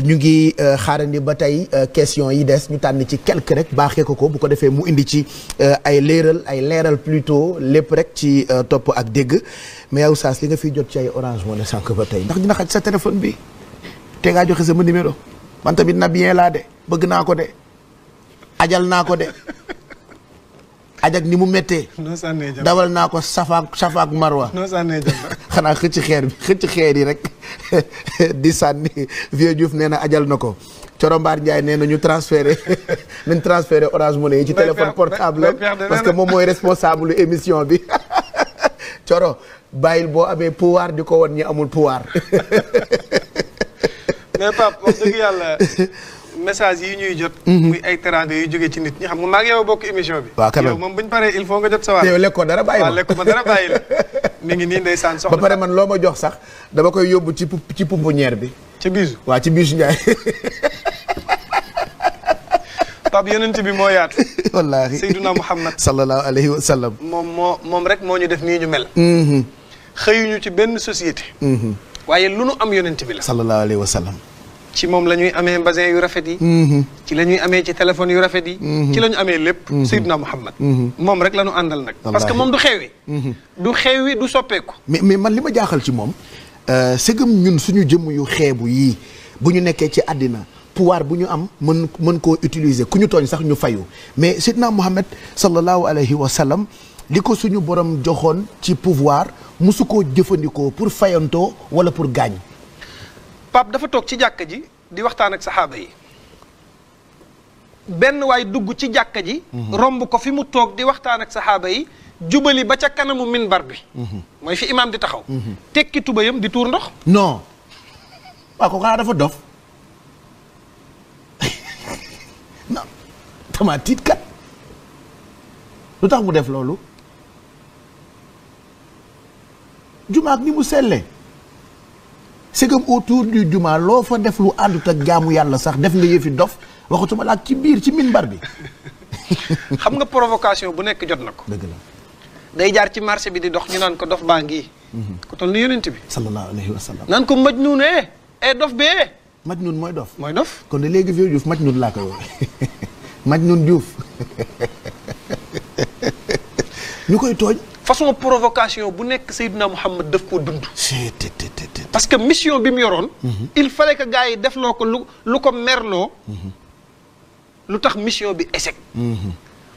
ñu ngi euh, xaarandi ba tey euh, question yi des ñu tànn ci quelque rek baaxee ko ko bu ko defee mu indi ci euh, ay leeral ay leeral plutôt lépp rek ci topp ak dégg mais yow Saas li nga fiy jot ci ay orange moo ne sànq ba tey ndax dina xaj sa téléphone bi te ngaa joxe sa ma numéro man tamit na bien laa de bëgg naa ko de ajal naa ko de. ajak ni mu méttee. dawal naa ko safaak safaak marwa. xanaa xëcc xeer bi xëcc xeer yi rek di sànni Vieux Diouf nee na ajal na ko. Corombaar Ndiaye nee na ñu transféré nañ transféré Orange yi ci téléphone portable parce que moom mooy responsable émission bi Coro bàyyil boo amee pouvoir di ko won ñi amul pouvoir. message yi ñuy jot. muy ay teranga yu joge ci nit ñi xam nga maa ngi yow bokk émission bi. yow mom bu paré il faut nga jot sa waat. te yow lekkoo dara bàyyi la waaw ma dara bàyyi mi ngi ni ndey san soxla. ba pare man loma jox sax dama koy yóbbu ci ci pumbu pouponnière bi. ci bisu wa ci bisu ñay tab yenen ci bi mo yaat wallahi sayyiduna Muhammad. sallallahu alayhi wa sallam. mom mom rek moo ñu def ni ñu mel. hmm xëyuñu ci ben société. hmm waye lu nu am yenen ci bi la. sallallahu alayhi wa sallam. ci moom la ñuy amee basin yu rafet yi mm-hmm. ci la ñuy amee ci téléphone yu rafet yi mm-hmm. ci la ñu amee lépp mm-hmm. Seydina Muhammad moom rek la ñu àndal nag parce que moom du xewi du xewi du soppeeku mais mais man li ma jaaxal ci moom euh, sëgëm ñun suñu jëmm yu xeebu yi bu ñu nekkee ci àddina pouvoir bu ñu am mën mën koo utiliser ku ñu tooñ sax ñu fayu mais Seydina Muhammad sallallahu alayhi wa sallam li ko suñu borom joxoon ci pouvoir musu koo jëfandikoo pour fayantoo wala pour gaañ Pape dafa toog ci jàkka ji di waxtaan ak saxaaba yi benn waay dugg ci jàkka ji. Mhm. romb ko fi mu toog di waxtaan ak saxaaba yi jubali ba ca kanamu minbar bi. Mhm. mooy fi imaam di taxaw. Mhm. tekki tubayam di tuur ndox. non waaw ko xanaa dafa dof non dama kat lu tax mu def loolu jumaak ni mu sellee. c'est que autour du juma loo fa def lu àndut ak jaamu yàlla sax def nga yëfi dof waxatuma la ak ci biir ci minbar bi. xam nga provocation bu nekk jot na ko. dëgg day jaar ci marché bi di dox ñu naan ko dof baa ngi. Mhm. ku toll ni yonent bi. sallallahu alayhi wa sallam. naan ko majnuun eh eh dof bee. majnuun mooy dof. mooy dof kon de léegi vieux Diouf majnuun laa ko woowee majnuun Diouf ñu koy tooñ. façon provocation bu nekk Seydina Mouhamed daf koo dund. parce que mission bi mu yoroon. Mhm. il fallait que gars yi defloo ko lu lu ko merloo. Mhm. lu tax mission bi échec. Mhm.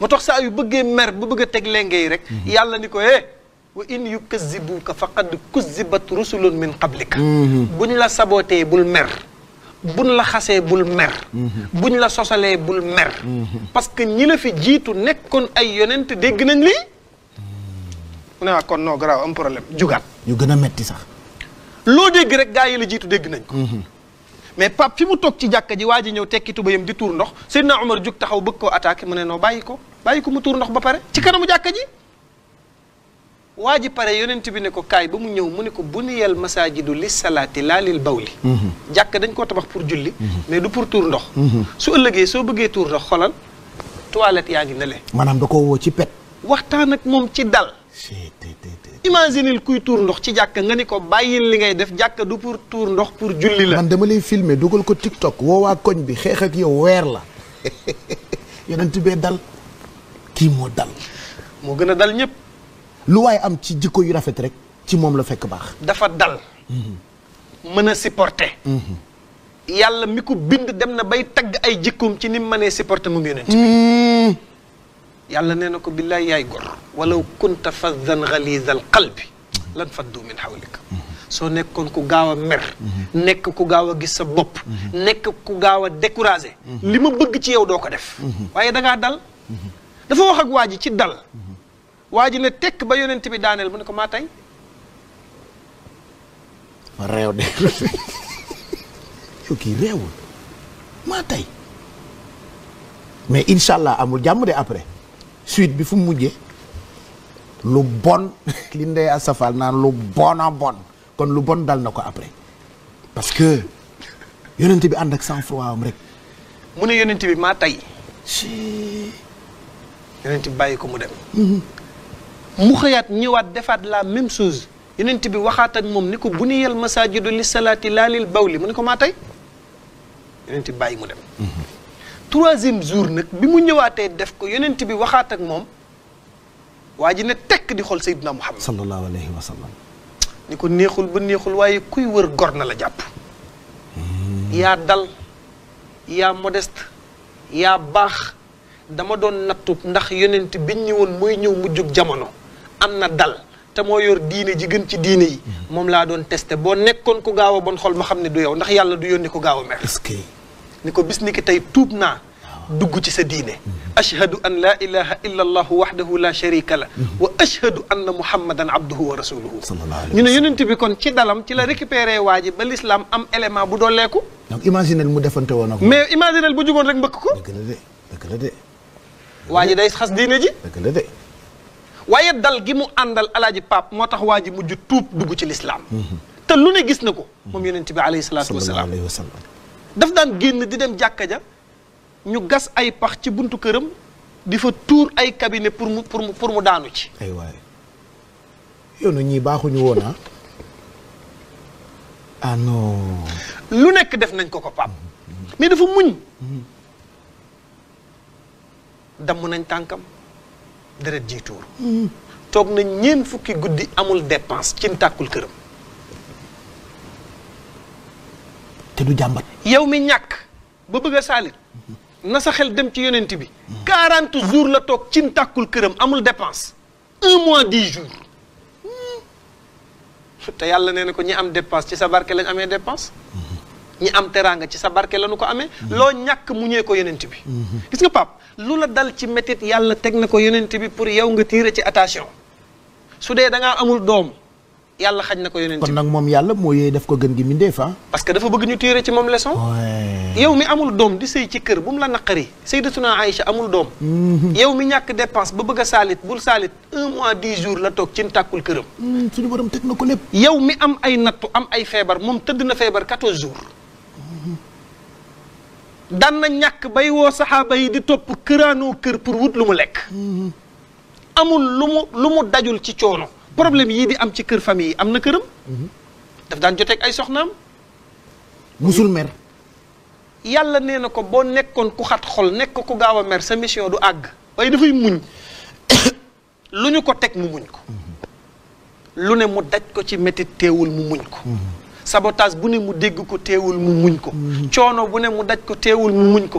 moo tax saa yu bëggee mer bu bëgg a teg lenge yi rek. yàlla ni ko eh. wa in yukazzibuka faqad kuzzibat rusulun min qablik. buñ la sabootee bul mer. buñ la xasee bul mer. buñ la sosalee bul mer. parce que ñi la fi jiitu nekkoon ay yeneent dégg nañ lii. mu ne kon non grave am problème jugaat. ñu gën a metti sax. loo dégg rek gaa yi la jiitu dégg nañ ko mhm. mais Pape fi mu toog ci jàkka ji waa ji ñëw tekki tubayam di tuur ndox Seydina Omar jug taxaw bëgg koo attaqué mu ne noo bàyyi ko bàyyi ko mu tuur ndox ba pare ci kanamu jàkka ji waa ji pare yonent bi ne ko kaay ba mu ñëw mu ne ko buniyal masaajidu li salaati laa lil bawli mhm. jàkka dañ koo tabax pour julli mhm. mais du pour tuur ndox su ëllëgee soo bëggee tuur ndox xolal toilette yaa ngi ne le maanaam da ko woo ci pet waxtaan ak moom ci dal imaginil kuy tuur ndox ci jàkka nga ni ko bàyyil li ngay def jàkka du pour tuur ndox pour julli la man dama lay filmer dugal ko TikTok woowaa koñ bi xeex ak yow weer la yonent bee dal kii moo dal moo gën a dal ñëpp lu waaye am ci jikko yu rafet rek ci moom la fekk baax dafa dal mhm. mën a supporter mhm. yàlla mi ko bind dem na bay tagg ay jikkoom ci ni mu mënee supporter mu ngi yonent bi mm. yàlla nee na ko billaay yaay gor walaw kunta fazan xaliisal qalbi lan faddu min xawlika soo nekkoon ku gaaw a mer nekk ku gaaw a gis sa bopp nekk ku gaaw a découragé li ma bëgg ci yow doo ko def waaye da ngaa dal dafa wax ak waa ji ci dal waa ji ne tekk ba yonent bi daaneel mu ne ko maa tey ma réew de yow kii réewul maa tey mais incha amul jàmm de après suite bi fu mu lu bon li ndey asafal nan lu bon en bon kon lu bon dal na après parce que yonent bi ànd ak sang froid am rek. mune ne yonent bi maa tay si yonent bi bàyyi ko mu dem. Mhm. mu xëyaat ñëwaat defaat la même chose yonent bi waxaat ak mom ni ko bu ni yal masaajidu li salaati bawli mune ko ma tay yonent bi mu dem. Mhm. troisième jour nag bi mu ñëwaatee def ko yonent bi waxaat ak moom waa ji ne tekk di xool Seydina Muhammad sallallahu alayhi wa sallam ni ko neexul ba neexul waaye kuy wër gor na la jàpp hmm. yaa dal yaa modeste yaa baax dama doon nattu ndax yonent biñ ñi woon mooy ñëw mu jóg jamono am na dal te moo yor diine ji gën ci diine yi hmm. moom laa doon teste boo nekkoon ku gaaw a bon xol ma xam ne du yow ndax yàlla du yónni ko gaaw a mer ni ko bis ni ki tey tuub naa dugg ci sa diine ashhadu an laa ilaha illa allahu wahdahu la sharika la wa ashhadu anna muhammadan abduhu wa rasuluhu ñu ne yonent bi kon ci dalam ci la récupéré waa ji ba l'islam am élément bu dooleeku donc imaginel mu defante woon ak mais imaginel bu jugoon rek mbëkk ko dëgg la de dëgg la de waa ji day xas diine ji dëgg la de waaye dal gi mu àndal alaaji pap moo tax waa ji mujj tuub dugg ci l'islam te lu ne gis na ko moom yonent bi alayhi salaatu wasalaam daf daan génn di dem jàkka ja ñu gas ay pax ci buntu këram di fa tuur ay cabinet pour mu pour mu pour mu daanu ci. ay waay yow na baaxuñu woon ah. ah lu nekk def nañ ko ko Pape mais dafa muñ. damm nañ tànkam deret jiy tuur. Hmm. toog nañ ñeent fukki guddi amul dépense ci tàkkul këram. te du jàmbat. yow mi ñàkk ba bëgg a saalit na sa xel dem ci yonent bi. quarante jour la toog cin tàkkul këram amul dépense. un mois 10 jours. Hmm. te yàlla nee na ko ñi am dépense ci sa barke lañ amee dépense. ñi am teraanga ci sa barke lañu ko amee. loo ñàkk mu muñee ko yonent bi. gis nga pap lu la dal ci métit yàlla teg na ko yonent bi pour yow nga tiire ci attention. su dee danga amul doom. yàlla xaj na ko yonent kon nag moom yàlla mooy def ko gën gi mindeef ah. parce que dafa bëgg ñu tiire ci moom leçon. yow mi amul doom di sëy ci kër bu mu la naqari Sayyidatuna Aïcha amul doom. yow mi ñàkk dépense ba bëgg a saalit bul saalit un mois dix jours la toog ci tàkkul këram. suñu borom teg na ko lépp. yow mi am ay nattu am ay feebar moom tëdd na feebar quatorze jours. daan na ñàkk bay woo saxaaba yi di topp këraanoo kër pour wut lu mu lekk. amul lu mu lu mu dajul ci coono. problème yii di am ci kër famille yi am na këram. Mhm. daf daan joteeg ay soxnaam. musul mer. yàlla nee na ko boo nekkoon ku xat xol nekk ku gaaw a mer sa mission du àgg. waaye dafay muñ lu ñu ko teg mu muñ ko. Mhm. lu ne mu daj ko ci métit teewul mu muñ ko. Mhm. sabotage bu ne mu dégg ko teewul mu muñ ko. coono bu ne mu daj ko teewul mu muñ ko.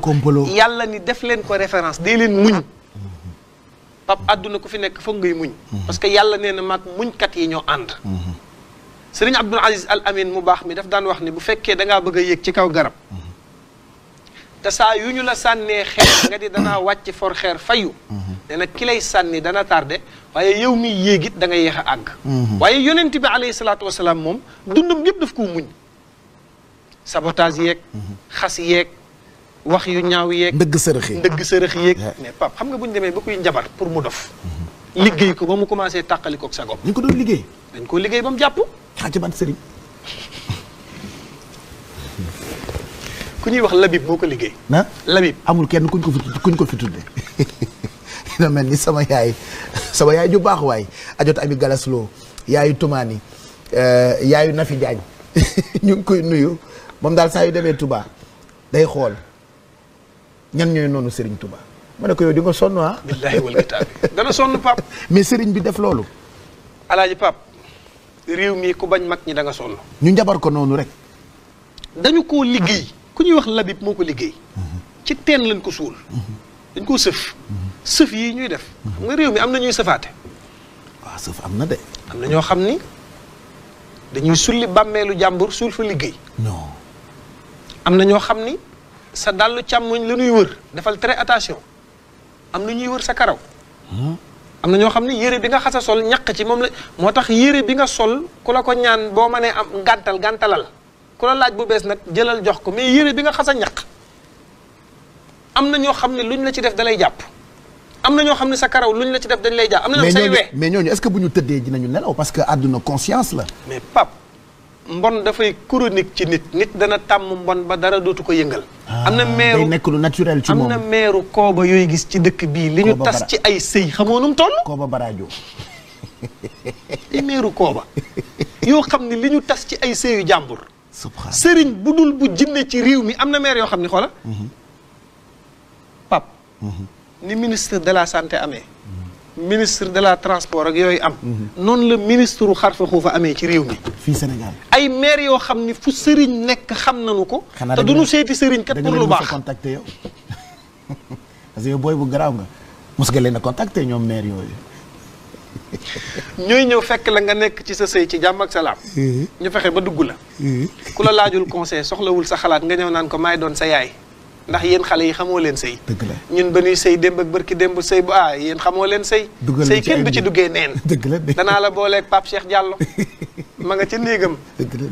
yàlla ni def leen ko référence dee leen muñ. pap àdduna ku fi nekk foog ngay muñ mhm. parce que yàlla nee na maag muñkat yi ñoo ànd mhm. sëriñ Abdul Aziz Al Amin mu baax mi daf daan wax ni bu fekkee da bëgg a yéeg ci kaw garab mhm. te saa yu ñu la sànnee xeer nga di danaa wàcc for xeer fayu nee kilay sànni dana tardé waaye yow mi yéegit da nga yéex a àgg waaye yonent bi alayhi salaatu wasalaam moom dundam yëpp daf koo muñ sabotage yeeg xas yeeg wax yu ñaaw yeeg. ndëgg sërëx yeeg ndëgg sërëx yeeg. mais Pape xam nga bu ñu demee ba kuy njabar pour mu dof. liggéey ko ba mu commencé tàqali koog sa gox. ñu ko doon liggéey. dañ ko liggéey ba mu jàpp. xaaral ci ban ñuy wax labib moo ko liggéey. ah labib amul kenn kuñ ko fi kuñ ko fi tuddee. dina mel ni sama yaay sama yaay ju baax waay ajot abi galasloo yaayu tumaani eh, yaayu Nafi Jaañ ñu ngi koy nuyu moom daal saa yu demee Touba day xool. ñan ñooy noonu sëriñ Touba ma ko yow di nga sonn ah. billaahi wal kitaab dana sonn pap mais Serigne bi def loolu. alaaji pap réew mi ku bañ mag ñi danga nga sonn. ñu njabar ko noonu rek. dañu ko liggéey ku ñuy wax labib moo ko liggéey. Mhm. ci teen lañ ko suul. Mhm. dañ koo sëf. Mhm. sëf yi ñuy def. xam nga réew mi am na ñuy sëfaate. waa sëf am na de. am na ñoo xam ni dañuy sulli bàmmeelu jàmbur suul fa liggéey. am na ñoo xam ni. sa dàll càmmoñ la ñuy wër defal très attention am na ñuy wër sa karaw. Hmm? am na ñoo xam ne yére bi nga xasa sol ñaq ci moom la moo tax yére bi nga sol ku la ko ñaan boo mënee am gàntal gàntalal ku la laaj bu bees nag jëlal jox ko mais yére bi nga xasa ñaq am na ñoo xam ne luñ la ci def dalay jàpp am na ñoo xam ne sa karaw luñ la ci def dañ lay jàpp. am na ñoo say we mais ñooñu est-ce que bu ñu tëddee dinañu nelaw parce que àdduna conscience la. mais pap mbon dafay chronique ci nit nit dana tàmm mbon ba dara dootu ko yëngal ah, am na meeru nekk lu naturel ci moom am na meeru kooba yooyu gis ci dëkk bii li ñu tas ci ay sëy xamoonum toll kooba baraajo ay meeru kooba yoo xam ne li ñu tas ci ay sëyu jàmbur sëriñ bu dul bu jinne ci réew mi am na meer yoo xam ne xoola mhm. pap mhm. ni ministre de la santé amee ministre de la transport ak yooyu am. noonu la ministre ru xarfa xuufa amee ci réew mi. fii Sénégal ay maire yoo xam ni fu sëriñ nekk xam nañu ko. te du ñu seeti sëriñ kat pour lu baax contacter yow parce que booy bu garaaw nga mos nga leen a contacter ñoom mair yooyu. ñooy ñëw fekk la nga nekk ci sa sëy ci jàmm ak salaam. ñu fexe ba dugg la. ku la laajul conseil soxlawul sa xalaat nga ñëw naan ko maay doon sa yaay. ndax yéen xale yi xamoo leen sëy ñun ba ñuy sëy démb ak barki démb sëy bu ah yéen xamoo leen sëy sëy kenn du ci duggee neen danaa la booleeg Pape Cheikh Diallo ma nga ca néegam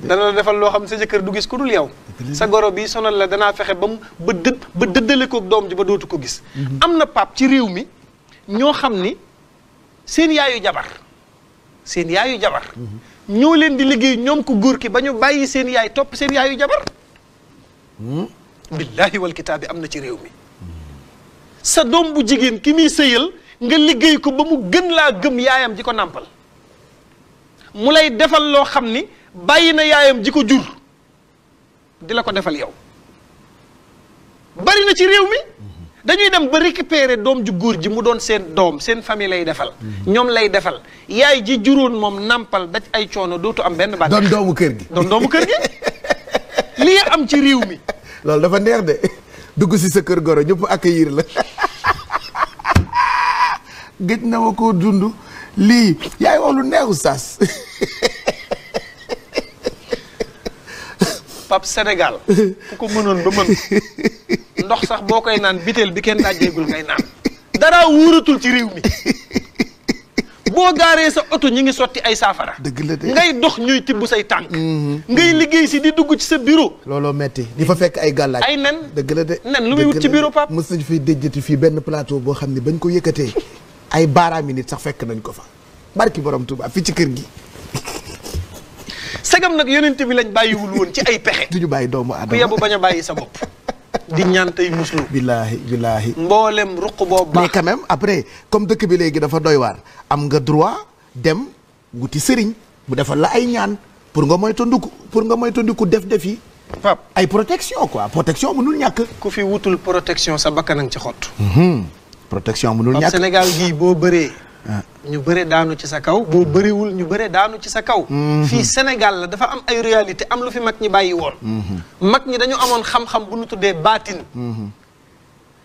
dana la defal loo xam ne sa jëkkër du gis ku dul yow sa goro bii sonal la danaa fexe ba mu ba dëdd ba dëddale kook doom ji ba dootu ko gis mhm. am na pap ci réew mi ñoo xam ni seen yaayu jabar seen yaayu jabar mhm. ñoo leen di liggéey ñoom ku góor ki ba ñu bàyyi seen yaay topp seen yaayu jabar hmm? billaahi wal am na ci réew mi sa doom bu jigéen ki muy sëyal nga liggéey ko ba mu gën laa gëm yaayam ji ko nàmpal mu lay defal loo xam ni bàyyi na yaayam ji ko jur di la ko defal yow bari na ci réew mi dañuy dem ba récupérer doom ju góor ji mu doon seen doom seen famille lay defal ñoom lay defal yaay ji juróon moom nàmpal da ay coono dootu am benn bànneex doon doomu kër gi doon doomu kër gi lii am ci réew mi loolu dafa neex de dugg si sa kër goro ak accueillir la gëj na ko dund lii yaay wax lu neex oustaz Pape Sénégal ku ko mënoon ba mën ndox sax boo koy naan biteel bi kenn dajjeegul ngay naan dara wuuratul ci réew mi boo gaaree sa oto ñi ngi sotti ay saafara. dëgg la de ngay dox ñuy tibb say tànk. Mm-hmm. ngay liggéey si di dugg ci sa bureau. looloo metti di fa fekk ay gàllaaj. ay nen dëgg la de. nen lu muy wut ci bureau Pape. mës nañu fiy déjjati fii benn plateau boo xam ne bañ ko yëkkatee ay baaraam baaraami nit sax fekk nañ ko fa barki borom Touba fii ci kër gi. segam nag yonent bi lañ bàyyiwul woon ci ay pexe. du ñu bàyyi doomu aadama ku yebu bañ a bàyyi sa bopp. di ñaan muslu. billaahi billaahi. mboolem ruq boobu mais quand même après comme deuk bi légui dafa doy war am nga droit dem wuti serigne bu dafa la ay ñaan pour nga moytandiku pour nga moytandiku def-def yi. pap ay protection quoi protection mënul ñak ku fi wutul protection sa bakana ngi ci xott. Mhm. protection mënul ñàkk Sénégal gi bo béré ñu bëre daanu ci sa kaw boo bëriwul ñu bëre daanu ci sa kaw mm-hmm. fii Sénégal la dafa am ay réalité am lu fi mag ñi bàyyi woon mm-hmm. mag ñi dañu amoon xam-xam bu ñu tuddee baatin mm-hmm.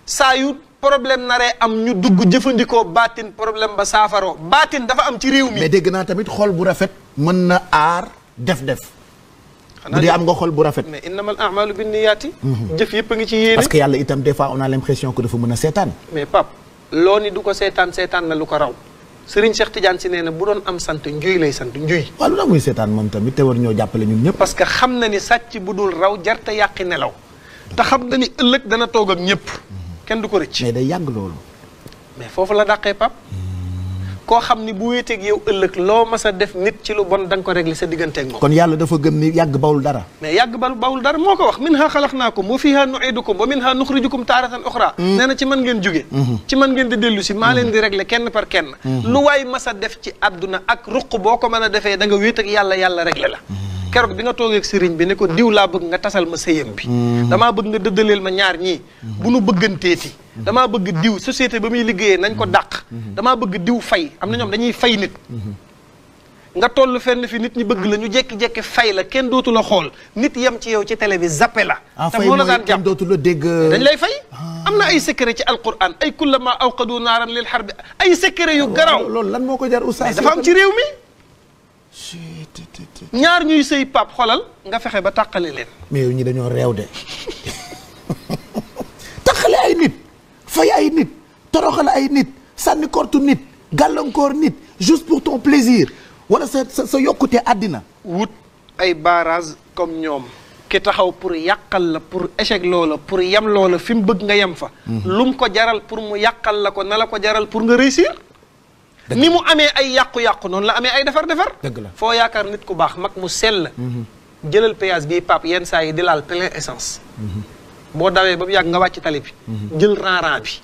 saa yu problème naree am ñu dugg jëfandikoo baatin problème ba saafaroo baatin dafa am ci réew mi dégg naa tamit xol bu rafet mën na aar def-def bu dee am nga xol bu rafet mais innamal a'malu binniyaati jëf yëpp a ngi ci yéene parce que yàlla itam des fois on a l'impression que dafa mën a seetaan mais pap loo ni du ko seetaan na lu ko raw Serigne Cheikh Tidiane si nee na bu doon am sant njuy lay sant njuy. waaw lu tax muy seetaan moom tamit te war ñoo jàppale ñun ñëpp. parce xam na ni sàcc bu dul raw jarte yàqi nelaw. te xam na ni ëllëg dana toog ak ñëpp. Mhm. kenn du ko rëcc. mais day yàgg loolu. mais foofu la dàqee pap koo xam ni bu wéeteeg yow ëllëg loo mas a def nit ci lu bon da ko régler sa digganteeg moom kon yàlla dafa gëm ni yàgg bawul dara mais yàgg ba bawul dara moo ko wax minha xalaqnaakum wa fiha nu'idukum wa minha nuxrijukum taaratan uxra mm. nee na ci man ngeen jóge mm-hmm. ci man ngeen di dellu si maa leen di régler kenn par kenn mm-hmm. lu waay mas a def ci àdduna ak ruq boo ko mën a defee da nga wéet ak yàlla yàlla régler la mm-hmm. keroog bi nga toogee ak sëriñ bi ne ko diw laa bëgg nga tasal ma sëyam bi mm. damaa bëgg nga dëddaleel ma ñaar ñii mm-hmm. bu nu bëgganteeti mm-hmm. damaa bëgg diw société ba muy liggéeyee nañ ko mm-hmm. dàq damaa bëgg diw fay am na dañuy fay nit nga toll fenn fi nit ñi bëgg la ñu jékki-jékki fay la kenn dootu la xool nit yem ci yow ci télé bi la ah, te moo la daan jàpp dégg dañ lay fay ah. am na ay secret ci alquran ay kullama awqadu naaran lil harbi ay secret yu garaw loolu lan moo ko jar oustaz dafa am ci réew mi ñaar ñuy sëy pap xolal nga fexe ba tàqale leen. mais yow ñi dañoo réew de tàqale ay nit fay ay nit toroxal ay nit sànni kortu nit gàllankoor nit juste pour ton plaisir wala sa sa sa yokkute àddina. wut ay barrage comme ñoom. ki taxaw pour yàqal la pour échec loola pour yem loola fi mu bëgg nga yem fa. Mhm. lu mu ko jaral pour mu yàqal la ko na la ko jaral pour nga réussir. ni mu amee ay yàqu-yàqu noonu la amee ay defar-defar. dëgg la foo yaakaar nit ku baax mag mu sell. Mhm. jëlal péage bii pap yenn saa yi di laal plein essence. Mhm. boo dawee ba mu yàgg nga wàcc tali bi. Mhm. jël rang bi.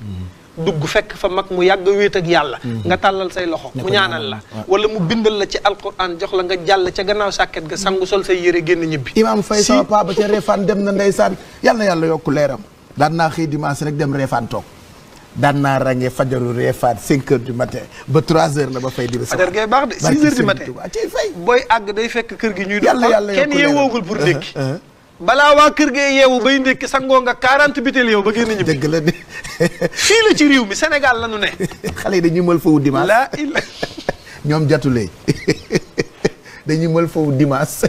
dugg fekk fa mag mu yàgg wéet ak yàlla nga tàllal say loxo mu ñaanal la wala mu bindal la ci alquran jox la nga jàll ca gannaaw sàkket ga sangu sol say yére génn ñibbi imaam fay sama papa ca reefaan dem na ndeysaan yàlla na yàlla yokku leeram daan naa xëy dimanche rek dem reefaan toog daan naa ràññee fajaru reefaat 5 heures du matin ba 3 heures la ba fay di. ba sa ngay baax de 6 heures du matin ci fay. booy àgg day fekk kër gi ñuy. yàlla yàlla kenn yeewoogul pour uh-huh, ndékki. Uh-huh. balaa waa kër gee yeewu bay ndékki sa ngoonga 40 bitel yow ba génn ñibbi. dëgg la de. fii la ci réew mi senegal la ne. xale yi dañuy mël foofu dimanche. la ñoom jatulee dañuy mël foofu dimanche.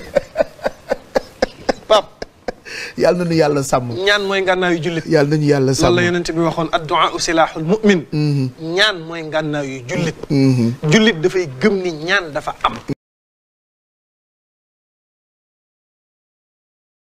yàlla na ñu yàlla sàmm ñaan mooy ngànnaayu jullit yàlla na ñu yàlla sàmm loolu la yonent bi waxoon addu'a silahul mu'min mm-hmm. ñaan mooy ngànnaayu jullit mm-hmm. jullit dafay gëm ni ñaan dafa am